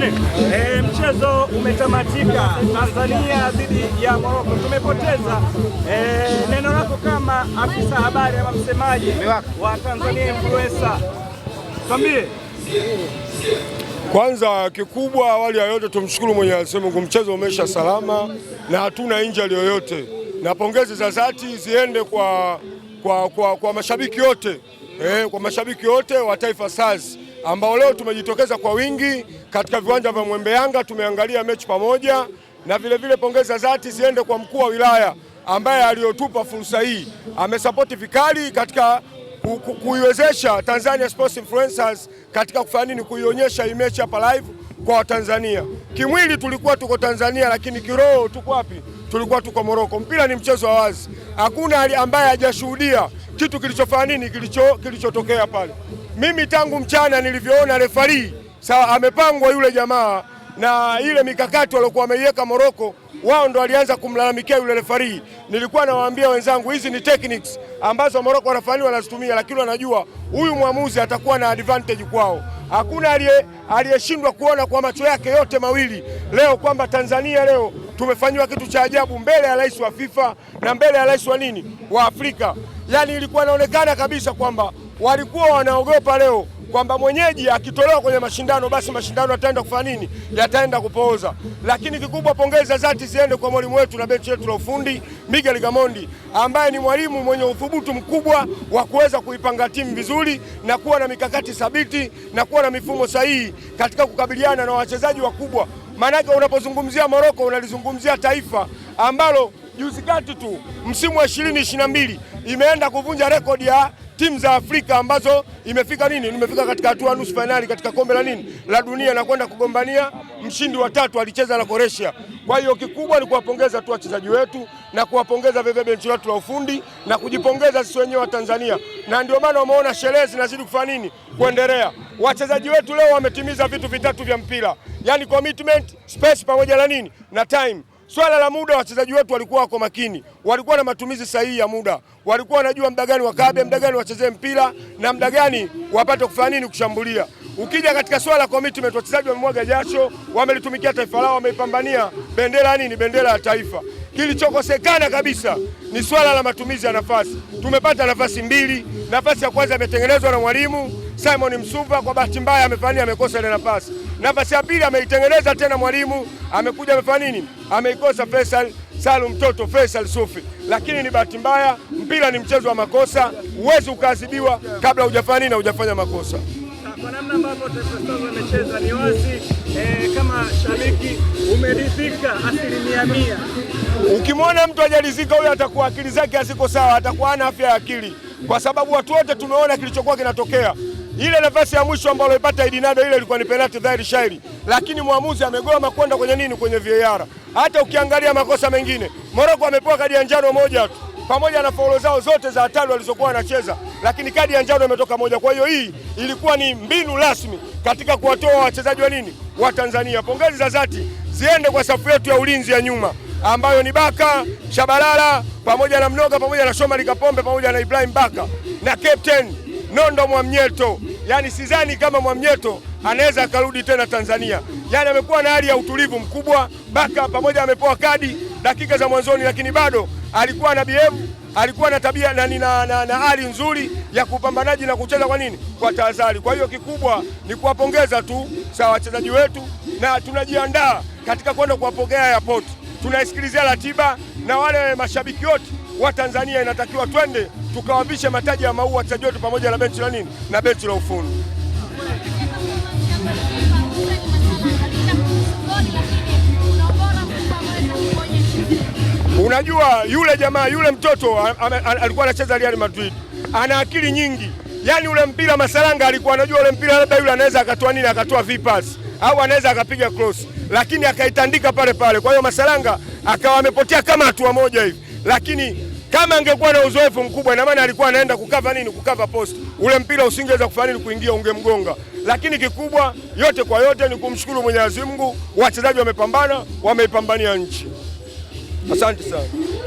nne. E, mchezo umetamatika Tanzania dhidi ya Morocco, tumepoteza. E, neno lako kama afisa habari ama msemaji wa Tanzania Influencer, twambie. Kwanza kikubwa, awali ya yote, tumshukuru Mwenyezi Mungu, mchezo umeisha salama na hatuna injali yoyote, na pongezi za dhati ziende kwa, kwa, kwa, kwa mashabiki wote eh, kwa mashabiki wote wa Taifa Stars ambao leo tumejitokeza kwa wingi katika viwanja vya Mwembe Yanga, tumeangalia mechi pamoja na vilevile vile pongeza zati ziende kwa mkuu wa wilaya ambaye aliyotupa fursa hii, amesapoti vikali katika kuiwezesha Tanzania Sports Influencers katika kufanya nini, kuionyesha hii mechi hapa live kwa Watanzania. Kimwili tulikuwa tuko Tanzania, lakini kiroho tuko wapi? Tulikuwa tuko Moroko. Mpira ni mchezo wa wazi, hakuna ambaye hajashuhudia kitu kilichofanya nini, kilichotokea kilicho pale. Mimi tangu mchana nilivyoona refari sawa, amepangwa yule jamaa na ile mikakati waliokuwa wameiweka Moroko, wao ndo walianza kumlalamikia yule refari. Nilikuwa nawaambia wenzangu, hizi ni techniques ambazo Moroko wanafani wanazitumia, lakini wanajua huyu mwamuzi atakuwa na advantage kwao. Hakuna aliyeshindwa kuona kwa macho yake yote mawili leo kwamba Tanzania leo tumefanyiwa kitu cha ajabu mbele ya rais wa FIFA na mbele ya rais wa nini wa Afrika. Yani ilikuwa inaonekana kabisa kwamba walikuwa wanaogopa leo kwamba mwenyeji akitolewa kwenye mashindano basi mashindano yataenda kufanya nini? Yataenda kupooza. Lakini kikubwa, pongezi za dhati ziende kwa mwalimu wetu na benchi letu la ufundi Miguel Gamondi, ambaye ni mwalimu mwenye uthubutu mkubwa wa kuweza kuipanga timu vizuri na kuwa na mikakati thabiti na kuwa na mifumo sahihi katika kukabiliana na wachezaji wakubwa. Maanake unapozungumzia Moroko unalizungumzia taifa ambalo juzi kati tu msimu wa ishirini ishirini na mbili imeenda kuvunja rekodi ya timu za Afrika ambazo imefika nini, imefika katika hatua nusu fainali katika kombe la nini la dunia na kwenda kugombania mshindi wa tatu alicheza na Croatia. Kwa hiyo kikubwa ni kuwapongeza tu wachezaji wetu na kuwapongeza vivyo benchi letu la ufundi na kujipongeza sisi wenyewe wa Tanzania, na ndio maana wameona sherehe zinazidi kufanya nini kuendelea. Wachezaji wetu leo wametimiza vitu vitatu vya mpira, yani commitment, space pamoja na nini na time Swala la muda, wachezaji wetu walikuwa wako makini, walikuwa na matumizi sahihi ya muda, walikuwa wanajua muda gani wakabe, muda gani wachezee mpira na muda gani wapate kufanya nini, kushambulia. Ukija katika swala la commitment, wachezaji wamemwaga jasho, wamelitumikia taifa lao, wameipambania bendera nini, bendera ya taifa. Kilichokosekana kabisa ni swala la matumizi ya nafasi. Tumepata nafasi mbili, nafasi ya kwanza imetengenezwa na mwalimu Simon Msuva kwa bahati mbaya amefanya amekosa ile nafasi. Nafasi ya pili ameitengeneza tena mwalimu, amekuja amefanya nini? Ameikosa Faisal Salum mtoto Faisal Sufi, lakini ni bahati mbaya. Mpira ni mchezo wa makosa, uwezi ukaadhibiwa kabla hujafanya nini na hujafanya makosa. Kwa namna ambavyo amecheza ni wazi eh, kama shabiki umeridhika asilimia mia. Ukimwona mtu hajaridhika, huyo atakuwa akili zake haziko sawa, atakuwa hana afya ya akili, kwa sababu watu wote tumeona kilichokuwa kinatokea. Ile nafasi ya mwisho ambayo alipata Idinado ile ilikuwa ni penalti dhahiri shairi, lakini mwamuzi amegoma kwenda kwenye nini, kwenye VAR. Hata ukiangalia makosa mengine, Moroko amepewa kadi ya njano moja tu pamoja na faulo zao zote za hatari walizokuwa wanacheza, lakini kadi ya njano imetoka moja. Kwa hiyo hii ilikuwa ni mbinu rasmi katika kuwatoa wachezaji wa nini wa Tanzania. Pongezi za dhati ziende kwa safu yetu ya ulinzi ya nyuma ambayo ni Baka Shabalala pamoja na Mnoga pamoja na Shomari Kapombe pamoja na Ibrahim Baka na captain Nondo Mwamnyeto yani sidhani kama Mwamnyeto anaweza akarudi tena Tanzania. Yani amekuwa na hali ya utulivu mkubwa baka pamoja, amepewa kadi dakika za mwanzoni, lakini bado alikuwa na behave, alikuwa na tabia na na, na, hali nzuri ya kupambanaji na kucheza. Kwa nini? Kwa tahadhari. Kwa hiyo kikubwa ni kuwapongeza tu sawa wachezaji wetu, na tunajiandaa katika kwenda kuwapokea yapoti, tunaisikilizia ratiba na wale mashabiki wote wa Tanzania inatakiwa twende tukawavishe mataji ya maua wachezaji wetu pamoja na benchi la nini na benchi la ufundi. Unajua yule jamaa yule mtoto alikuwa anacheza Real Madrid, ana akili nyingi. Yaani ule mpira Masalanga alikuwa anajua ule mpira, labda yule anaweza akatoa nini, akatoa vipasi au anaweza akapiga cross, lakini akaitandika pale pale. Kwa hiyo Masalanga akawa amepotea kama hatua moja hivi, lakini kama angekuwa na uzoefu mkubwa, ina maana alikuwa anaenda kukava nini, kukava post, ule mpira usingeweza kufanya nini, kuingia, ungemgonga. Lakini kikubwa yote kwa yote ni kumshukuru Mwenyezi Mungu, wachezaji wamepambana, wameipambania nchi. Asante sana.